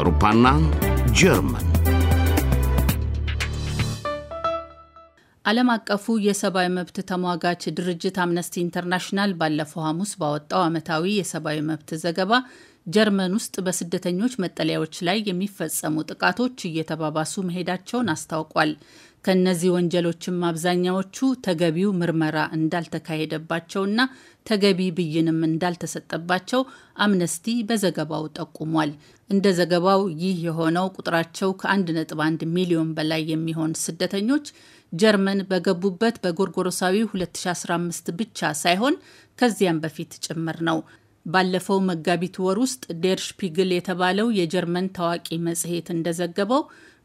አውሮፓና ጀርመን ዓለም አቀፉ የሰብአዊ መብት ተሟጋች ድርጅት አምነስቲ ኢንተርናሽናል ባለፈው ሐሙስ ባወጣው ዓመታዊ የሰብአዊ መብት ዘገባ ጀርመን ውስጥ በስደተኞች መጠለያዎች ላይ የሚፈጸሙ ጥቃቶች እየተባባሱ መሄዳቸውን አስታውቋል። ከእነዚህ ወንጀሎችም አብዛኛዎቹ ተገቢው ምርመራ እንዳልተካሄደባቸውና ተገቢ ብይንም እንዳልተሰጠባቸው አምነስቲ በዘገባው ጠቁሟል። እንደ ዘገባው ይህ የሆነው ቁጥራቸው ከ1.1 ሚሊዮን በላይ የሚሆን ስደተኞች ጀርመን በገቡበት በጎርጎሮሳዊ 2015 ብቻ ሳይሆን ከዚያም በፊት ጭምር ነው። ባለፈው መጋቢት ወር ውስጥ ዴር ሽፒግል የተባለው የጀርመን ታዋቂ መጽሔት እንደዘገበው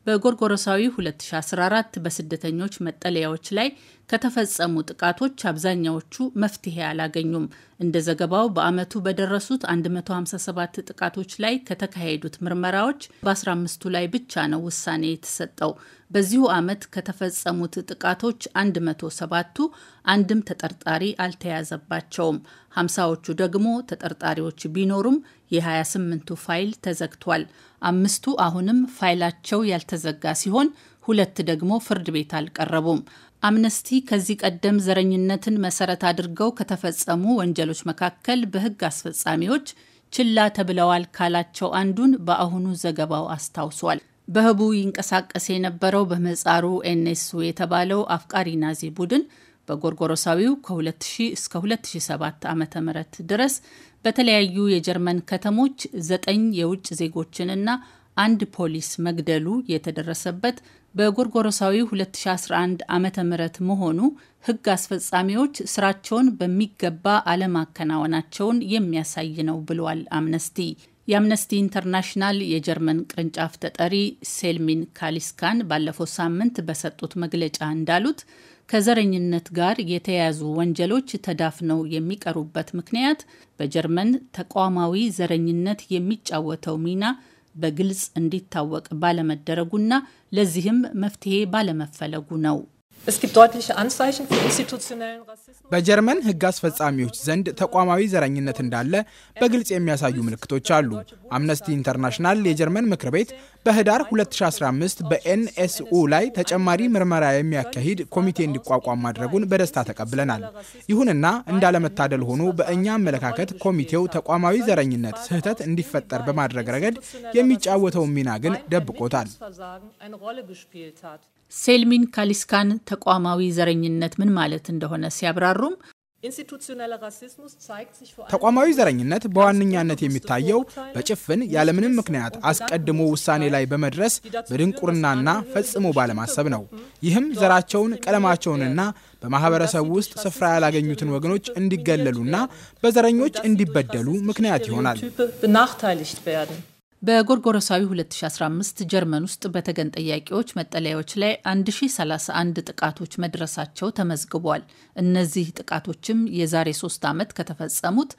በጎርጎረሳዊ 2014 በስደተኞች መጠለያዎች ላይ ከተፈጸሙ ጥቃቶች አብዛኛዎቹ መፍትሄ አላገኙም። እንደ ዘገባው በአመቱ በደረሱት 157 ጥቃቶች ላይ ከተካሄዱት ምርመራዎች በ15ቱ ላይ ብቻ ነው ውሳኔ የተሰጠው። በዚሁ አመት ከተፈጸሙት ጥቃቶች 107ቱ አንድም ተጠርጣሪ አልተያዘባቸውም። 50ዎቹ ደግሞ ተጠርጣሪዎች ቢኖሩም የ28ቱ ፋይል ተዘግቷል። አምስቱ አሁንም ፋይላቸው ያልተዘጋ ሲሆን ሁለት ደግሞ ፍርድ ቤት አልቀረቡም። አምነስቲ ከዚህ ቀደም ዘረኝነትን መሰረት አድርገው ከተፈጸሙ ወንጀሎች መካከል በህግ አስፈጻሚዎች ችላ ተብለዋል ካላቸው አንዱን በአሁኑ ዘገባው አስታውሷል። በህቡ ይንቀሳቀስ የነበረው በምህጻሩ ኤንሱ የተባለው አፍቃሪ ናዚ ቡድን በጎርጎሮሳዊው ከ2000 እስከ 2007 ዓ ም ድረስ በተለያዩ የጀርመን ከተሞች ዘጠኝ የውጭ ዜጎችንና አንድ ፖሊስ መግደሉ የተደረሰበት በጎርጎሮሳዊ 2011 ዓ ም መሆኑ ህግ አስፈጻሚዎች ስራቸውን በሚገባ አለማከናወናቸውን የሚያሳይ ነው ብሏል አምነስቲ። የአምነስቲ ኢንተርናሽናል የጀርመን ቅርንጫፍ ተጠሪ ሴልሚን ካሊስካን ባለፈው ሳምንት በሰጡት መግለጫ እንዳሉት ከዘረኝነት ጋር የተያያዙ ወንጀሎች ተዳፍነው የሚቀሩበት ምክንያት በጀርመን ተቋማዊ ዘረኝነት የሚጫወተው ሚና በግልጽ እንዲታወቅ ባለመደረጉና ለዚህም መፍትሄ ባለመፈለጉ ነው። Es gibt deutliche Anzeichen für institutionellen Rassismus. በጀርመን ሕግ አስፈጻሚዎች ዘንድ ተቋማዊ ዘረኝነት እንዳለ በግልጽ የሚያሳዩ ምልክቶች አሉ። አምነስቲ ኢንተርናሽናል የጀርመን ምክር ቤት በህዳር 2015 በኤንኤስኡ ላይ ተጨማሪ ምርመራ የሚያካሂድ ኮሚቴ እንዲቋቋም ማድረጉን በደስታ ተቀብለናል። ይሁንና እንዳለመታደል ሆኖ በእኛ አመለካከት ኮሚቴው ተቋማዊ ዘረኝነት ስህተት እንዲፈጠር በማድረግ ረገድ የሚጫወተውን ሚና ግን ደብቆታል። ሴልሚን ካሊስካን ተቋማዊ ዘረኝነት ምን ማለት እንደሆነ ሲያብራሩም ተቋማዊ ዘረኝነት በዋነኛነት የሚታየው በጭፍን ያለምንም ምክንያት አስቀድሞ ውሳኔ ላይ በመድረስ በድንቁርናና ፈጽሞ ባለማሰብ ነው። ይህም ዘራቸውን፣ ቀለማቸውንና በማህበረሰቡ ውስጥ ስፍራ ያላገኙትን ወገኖች እንዲገለሉና በዘረኞች እንዲበደሉ ምክንያት ይሆናል። በጎርጎረሳዊ 2015 ጀርመን ውስጥ በተገን ጠያቂዎች መጠለያዎች ላይ 1031 ጥቃቶች መድረሳቸው ተመዝግቧል። እነዚህ ጥቃቶችም የዛሬ ሶስት ዓመት ከተፈጸሙት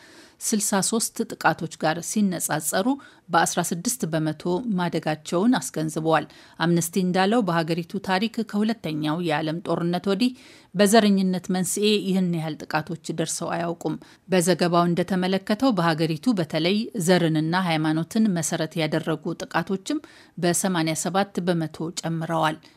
63 ጥቃቶች ጋር ሲነጻጸሩ በ16 በመቶ ማደጋቸውን አስገንዝበዋል። አምነስቲ እንዳለው በሀገሪቱ ታሪክ ከሁለተኛው የዓለም ጦርነት ወዲህ በዘረኝነት መንስኤ ይህን ያህል ጥቃቶች ደርሰው አያውቁም። በዘገባው እንደተመለከተው በሀገሪቱ በተለይ ዘርንና ሃይማኖትን መሰረት ያደረጉ ጥቃቶችም በ87 በመቶ ጨምረዋል።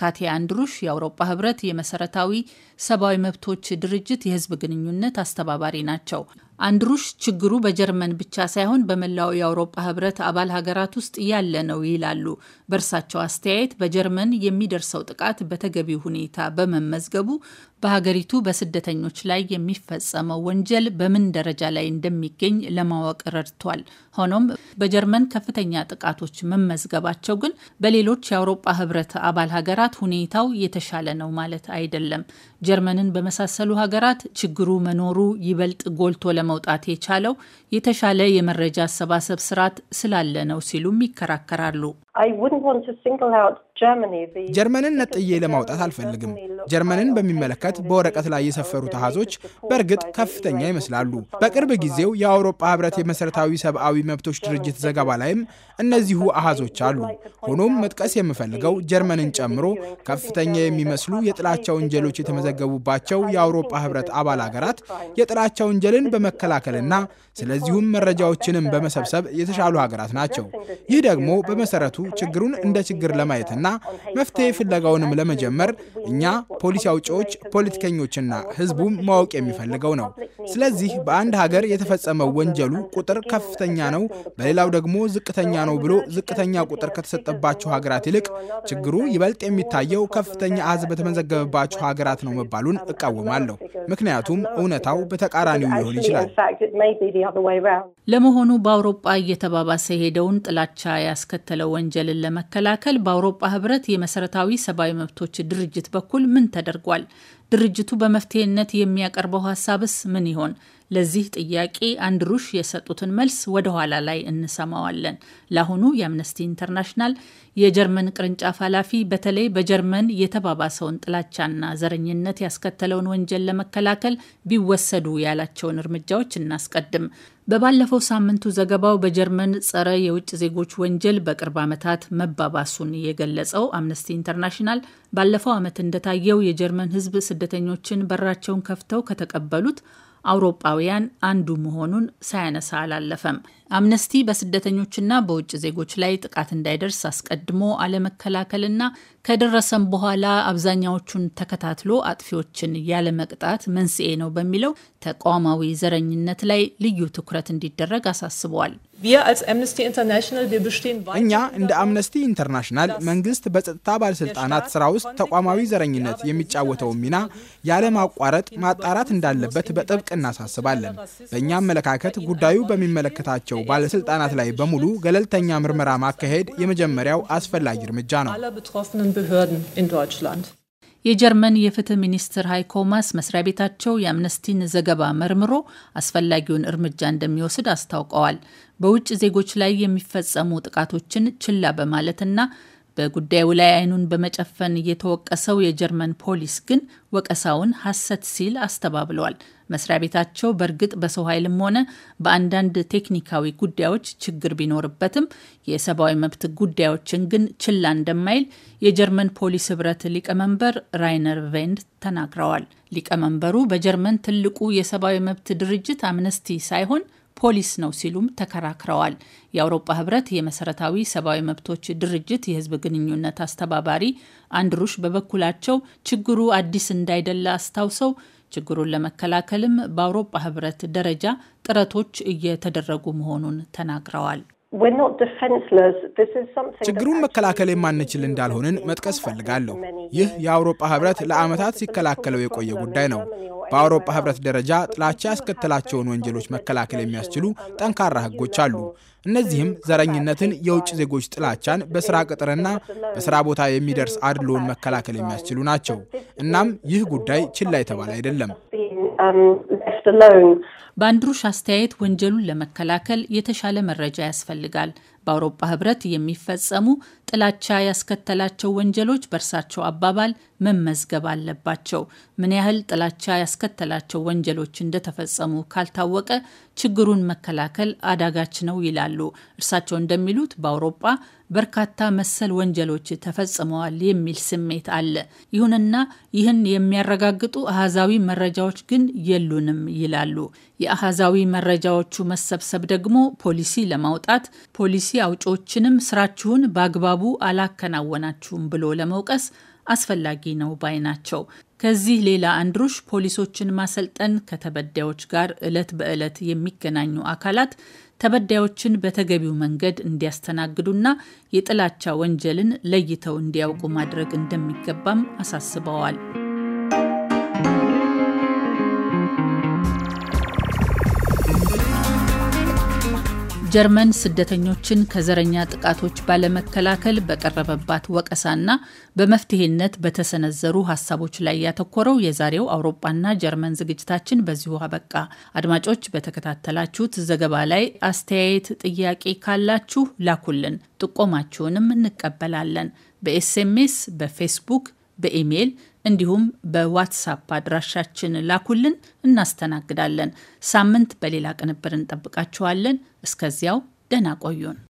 ካቲያ አንድሩሽ የአውሮፓ ህብረት የመሰረታዊ ሰብአዊ መብቶች ድርጅት የህዝብ ግንኙነት አስተባባሪ ናቸው። አንድሩሽ ችግሩ በጀርመን ብቻ ሳይሆን በመላው የአውሮፓ ህብረት አባል ሀገራት ውስጥ ያለ ነው ይላሉ። በእርሳቸው አስተያየት በጀርመን የሚደርሰው ጥቃት በተገቢ ሁኔታ በመመዝገቡ በሀገሪቱ በስደተኞች ላይ የሚፈጸመው ወንጀል በምን ደረጃ ላይ እንደሚገኝ ለማወቅ ረድቷል። ሆኖም በጀርመን ከፍተኛ ጥቃቶች መመዝገባቸው ግን በሌሎች የአውሮፓ ህብረት አባል ሀገራት ሀገራት ሁኔታው የተሻለ ነው ማለት አይደለም። ጀርመንን በመሳሰሉ ሀገራት ችግሩ መኖሩ ይበልጥ ጎልቶ ለመውጣት የቻለው የተሻለ የመረጃ አሰባሰብ ስርዓት ስላለ ነው ሲሉም ይከራከራሉ። ጀርመንን ነጥዬ ለማውጣት አልፈልግም። ጀርመንን በሚመለከት በወረቀት ላይ የሰፈሩ አሃዞች በእርግጥ ከፍተኛ ይመስላሉ። በቅርብ ጊዜው የአውሮፓ ሕብረት የመሰረታዊ ሰብአዊ መብቶች ድርጅት ዘገባ ላይም እነዚሁ አሃዞች አሉ። ሆኖም መጥቀስ የምፈልገው ጀርመንን ጨምሮ ከፍተኛ የሚመስሉ የጥላቻ ወንጀሎች የተመዘ የተመዘገቡባቸው የአውሮፓ ህብረት አባል ሀገራት የጥላቻ ወንጀልን በመከላከልና ስለዚሁም መረጃዎችንም በመሰብሰብ የተሻሉ ሀገራት ናቸው። ይህ ደግሞ በመሰረቱ ችግሩን እንደ ችግር ለማየትና መፍትሄ ፍለጋውንም ለመጀመር እኛ ፖሊሲ አውጪዎች፣ ፖለቲከኞችና ህዝቡም ማወቅ የሚፈልገው ነው። ስለዚህ በአንድ ሀገር የተፈጸመው ወንጀሉ ቁጥር ከፍተኛ ነው፣ በሌላው ደግሞ ዝቅተኛ ነው ብሎ ዝቅተኛ ቁጥር ከተሰጠባቸው ሀገራት ይልቅ ችግሩ ይበልጥ የሚታየው ከፍተኛ አሃዝ በተመዘገበባቸው ሀገራት ነው መባሉን um, እቃወማለሁ። ምክንያቱም እውነታው በተቃራኒው ሊሆን ይችላል። ለመሆኑ በአውሮጳ እየተባባሰ ሄደውን ጥላቻ ያስከተለው ወንጀልን ለመከላከል በአውሮጳ ህብረት የመሰረታዊ ሰብአዊ መብቶች ድርጅት በኩል ምን ተደርጓል? ድርጅቱ በመፍትሄነት የሚያቀርበው ሀሳብስ ምን ይሆን? ለዚህ ጥያቄ አንድሩሽ የሰጡትን መልስ ወደ ኋላ ላይ እንሰማዋለን። ለአሁኑ የአምነስቲ ኢንተርናሽናል የጀርመን ቅርንጫፍ ኃላፊ በተለይ በጀርመን የተባባሰውን ጥላቻና ዘረኝነት ያስከተለውን ወንጀል ለመከላከል ቢወሰዱ ያላቸውን እርምጃዎች እናስቀድም። በባለፈው ሳምንቱ ዘገባው በጀርመን ጸረ የውጭ ዜጎች ወንጀል በቅርብ ዓመታት መባባሱን የገለጸው አምነስቲ ኢንተርናሽናል ባለፈው ዓመት እንደታየው የጀርመን ሕዝብ ስደተኞችን በራቸውን ከፍተው ከተቀበሉት አውሮጳውያን አንዱ መሆኑን ሳያነሳ አላለፈም። አምነስቲ በስደተኞችና በውጭ ዜጎች ላይ ጥቃት እንዳይደርስ አስቀድሞ አለመከላከልና ከደረሰም በኋላ አብዛኛዎቹን ተከታትሎ አጥፊዎችን ያለመቅጣት መንስኤ ነው በሚለው ተቋማዊ ዘረኝነት ላይ ልዩ ትኩረት እንዲደረግ አሳስበዋል። እኛ እንደ አምነስቲ ኢንተርናሽናል መንግስት በጸጥታ ባለስልጣናት ስራ ውስጥ ተቋማዊ ዘረኝነት የሚጫወተውን ሚና ያለማቋረጥ ማጣራት እንዳለበት በጥብቅ እናሳስባለን። በእኛ አመለካከት ጉዳዩ በሚመለከታቸው ያላቸው ባለስልጣናት ላይ በሙሉ ገለልተኛ ምርመራ ማካሄድ የመጀመሪያው አስፈላጊ እርምጃ ነው። የጀርመን የፍትህ ሚኒስትር ሃይኮ ማስ መስሪያ ቤታቸው የአምነስቲን ዘገባ መርምሮ አስፈላጊውን እርምጃ እንደሚወስድ አስታውቀዋል። በውጭ ዜጎች ላይ የሚፈጸሙ ጥቃቶችን ችላ በማለትና በጉዳዩ ላይ አይኑን በመጨፈን የተወቀሰው የጀርመን ፖሊስ ግን ወቀሳውን ሐሰት ሲል አስተባብለዋል። መስሪያ ቤታቸው በእርግጥ በሰው ኃይልም ሆነ በአንዳንድ ቴክኒካዊ ጉዳዮች ችግር ቢኖርበትም የሰብአዊ መብት ጉዳዮችን ግን ችላ እንደማይል የጀርመን ፖሊስ ህብረት ሊቀመንበር ራይነር ቬንድ ተናግረዋል። ሊቀመንበሩ በጀርመን ትልቁ የሰብአዊ መብት ድርጅት አምነስቲ ሳይሆን ፖሊስ ነው ሲሉም ተከራክረዋል። የአውሮፓ ህብረት የመሰረታዊ ሰብአዊ መብቶች ድርጅት የህዝብ ግንኙነት አስተባባሪ አንድሩሽ በበኩላቸው ችግሩ አዲስ እንዳይደለ አስታውሰው ችግሩን ለመከላከልም በአውሮፓ ህብረት ደረጃ ጥረቶች እየተደረጉ መሆኑን ተናግረዋል። ችግሩን መከላከል የማንችል እንዳልሆንን መጥቀስ እፈልጋለሁ። ይህ የአውሮፓ ህብረት ለአመታት ሲከላከለው የቆየ ጉዳይ ነው። በአውሮፓ ህብረት ደረጃ ጥላቻ ያስከተላቸውን ወንጀሎች መከላከል የሚያስችሉ ጠንካራ ህጎች አሉ። እነዚህም ዘረኝነትን፣ የውጭ ዜጎች ጥላቻን፣ በስራ ቅጥርና በስራ ቦታ የሚደርስ አድሎውን መከላከል የሚያስችሉ ናቸው። እናም ይህ ጉዳይ ችላ የተባለ አይደለም። በአንድሩሽ አስተያየት ወንጀሉን ለመከላከል የተሻለ መረጃ ያስፈልጋል። በአውሮፓ ህብረት የሚፈጸሙ ጥላቻ ያስከተላቸው ወንጀሎች በእርሳቸው አባባል መመዝገብ አለባቸው። ምን ያህል ጥላቻ ያስከተላቸው ወንጀሎች እንደተፈጸሙ ካልታወቀ ችግሩን መከላከል አዳጋች ነው ይላሉ። እርሳቸው እንደሚሉት በአውሮፓ በርካታ መሰል ወንጀሎች ተፈጽመዋል የሚል ስሜት አለ። ይሁንና ይህን የሚያረጋግጡ አሃዛዊ መረጃዎች ግን የሉንም ይላሉ። የአሃዛዊ መረጃዎቹ መሰብሰብ ደግሞ ፖሊሲ ለማውጣት ፖሊሲ አውጪዎችንም ስራችሁን በአግባቡ አላከናወናችሁም ብሎ ለመውቀስ አስፈላጊ ነው ባይ ናቸው። ከዚህ ሌላ አንድሩሽ ፖሊሶችን ማሰልጠን ከተበዳዮች ጋር ዕለት በዕለት የሚገናኙ አካላት ተበዳዮችን በተገቢው መንገድ እንዲያስተናግዱና የጥላቻ ወንጀልን ለይተው እንዲያውቁ ማድረግ እንደሚገባም አሳስበዋል። ጀርመን ስደተኞችን ከዘረኛ ጥቃቶች ባለመከላከል በቀረበባት ወቀሳና በመፍትሄነት በተሰነዘሩ ሀሳቦች ላይ ያተኮረው የዛሬው አውሮፓና ጀርመን ዝግጅታችን በዚሁ አበቃ። አድማጮች፣ በተከታተላችሁት ዘገባ ላይ አስተያየት፣ ጥያቄ ካላችሁ ላኩልን። ጥቆማችሁንም እንቀበላለን። በኤስኤምኤስ፣ በፌስቡክ፣ በኢሜይል እንዲሁም በዋትሳፕ አድራሻችን ላኩልን፣ እናስተናግዳለን። ሳምንት በሌላ ቅንብር እንጠብቃችኋለን። እስከዚያው ደህና ቆዩን።